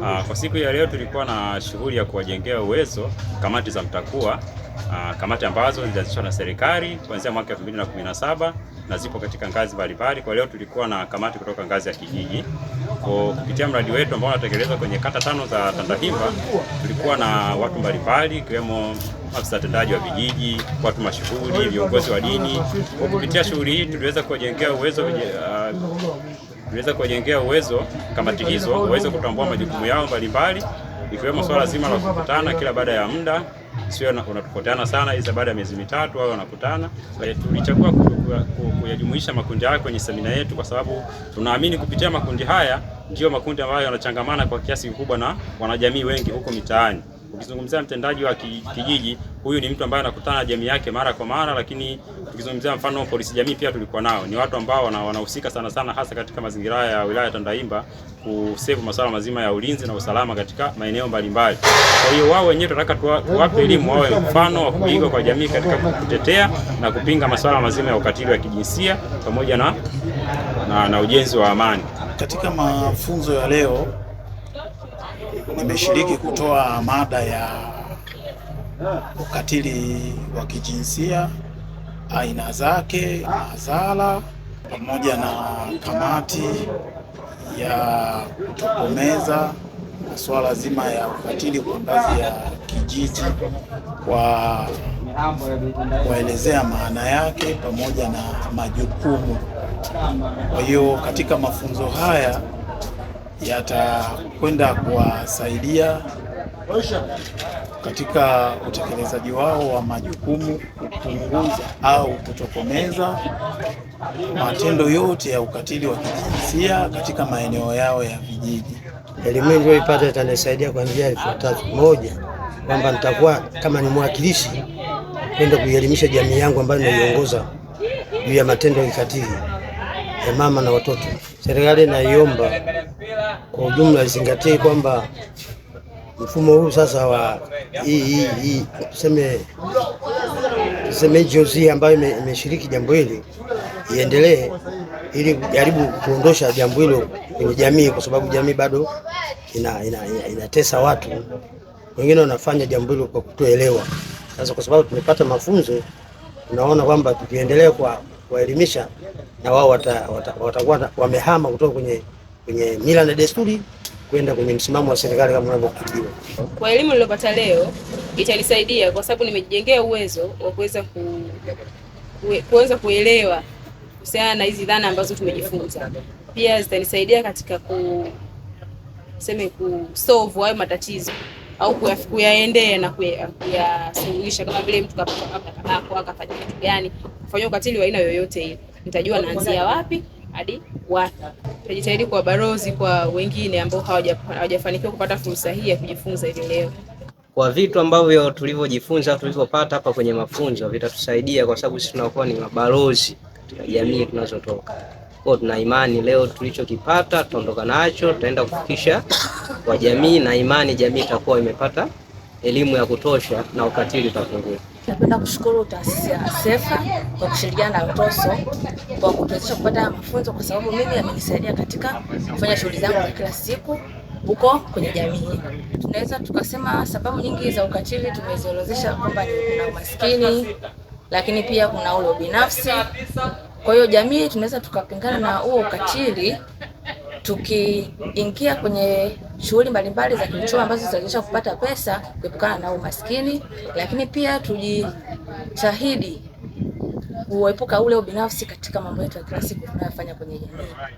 Uh, kwa siku ya leo tulikuwa na shughuli ya kuwajengea uwezo kamati za MTAKUWA, ah, kamati ambazo zilianzishwa na serikali kuanzia mwaka 2017 na zipo katika ngazi mbalimbali. Kwa leo tulikuwa na kamati kutoka ngazi ya kijiji. Kwa kupitia mradi wetu ambao unatekelezwa kwenye kata tano za Tandahimba, tulikuwa na watu mbalimbali ikiwemo afisa tendaji wa vijiji, watu mashughuli, viongozi wa dini. Kwa kupitia shughuli hii tuliweza kuwajengea uwezo uh, niweze kuwajengea uwezo kamati hizo waweze kutambua majukumu yao mbalimbali, ikiwemo swala zima la kukutana kila baada ya muda, sio unatofautiana sana, isa baada ya miezi mitatu au wanakutana. Tulichagua kuyajumuisha makundi haya kwenye semina yetu kwa sababu tunaamini kupitia makundi haya ndiyo makundi ambayo yanachangamana kwa kiasi kikubwa na wanajamii wengi huko mitaani. Ukizungumzia mtendaji wa kijiji, huyu ni mtu ambaye anakutana na jamii yake mara kwa mara, lakini tukizungumzia mfano polisi jamii pia tulikuwa nao, ni watu ambao wanahusika sana sana hasa katika mazingira ya wilaya ya Tandahimba kusevu masuala mazima ya ulinzi na usalama katika maeneo mbalimbali. Kwa hiyo wao wenyewe tunataka tuwape elimu, wawe mfano wa kuiga kwa jamii katika kutetea na kupinga masuala mazima ya ukatili wa kijinsia pamoja na, na, na ujenzi wa amani. Katika mafunzo ya leo nimeshiriki kutoa mada ya ukatili wa kijinsia, aina zake, madhara, pamoja na kamati ya kutokomeza masuala zima ya ukatili kwa ngazi ya kijiji kwa kuelezea maana yake pamoja na majukumu. Kwa hiyo katika mafunzo haya yatakwenda kuwasaidia katika utekelezaji wao wa majukumu, kupunguza au kutokomeza matendo yote ya ukatili wa kijinsia katika maeneo yao ya vijiji. Elimu niliyoipata itanisaidia kwa njia ifuatazo: moja, kwamba nitakuwa kama ni mwakilishi kwenda kuielimisha jamii yangu ambayo naiongoza juu ya matendo ya kikatili ya mama na watoto. Serikali naiomba kwa ujumla, izingatie kwamba mfumo huu sasa wa hii hii tuseme tuseme jozi ambayo imeshiriki jambo hili iendelee, ili kujaribu kuondosha jambo hilo kwenye jamii, kwa sababu jamii bado ina, ina, ina, inatesa watu wengine, wanafanya jambo hilo kwa kutoelewa. Sasa kwa sababu tumepata mafunzo, tunaona kwamba tukiendelea kuwaelimisha na wao watakuwa wata, wata, wata, wamehama kutoka kwenye kwenye mila na desturi kwenda kwenye msimamo wa serikali kama unavyokujua. Kwa elimu niliyopata leo itanisaidia kwa sababu nimejijengea uwezo wa kuweza ku, kuweza kuelewa kuhusiana na hizi dhana ambazo tumejifunza. Pia zitanisaidia katika ku seme solve hayo matatizo au kuyaendea na kuyasuluhisha, kama vile mtu kapata kabla kabako ah, akafanya kitu gani, kufanya ukatili wa aina yoyote ile, nitajua naanzia wapi hadi kufuata. Tutajitahidi kwa barozi kwa wengine ambao hawajafanikiwa kupata fursa hii ya kujifunza hivi leo. Kwa vitu ambavyo tulivyojifunza tulivyopata hapa kwenye mafunzo vitatusaidia, kwa sababu sisi tunakuwa ni mabalozi katika jamii tunazotoka. Kwa tuna imani leo tulichokipata tutaondoka nacho, tutaenda kufikisha kwa jamii, na imani jamii itakuwa imepata elimu ya kutosha na ukatili utapungua. Napenda kushukuru taasisi ya SEFA kwa kushirikiana na Rotoso kwa kutuwezesha kupata mafunzo, kwa sababu mimi yamenisaidia katika kufanya shughuli zangu za kila siku huko kwenye jamii. Tunaweza tukasema sababu nyingi za ukatili tumeziorodhesha, kwamba kuna umaskini, lakini pia kuna ule binafsi. Kwa hiyo jamii tunaweza tukapingana na huo ukatili tukiingia kwenye shughuli mbalimbali za kiuchumi ambazo zitawezesha kupata pesa kuepukana na umaskini, lakini pia tujitahidi kuepuka ule ubinafsi katika mambo yetu ya kila siku tunayofanya kwenye jamii.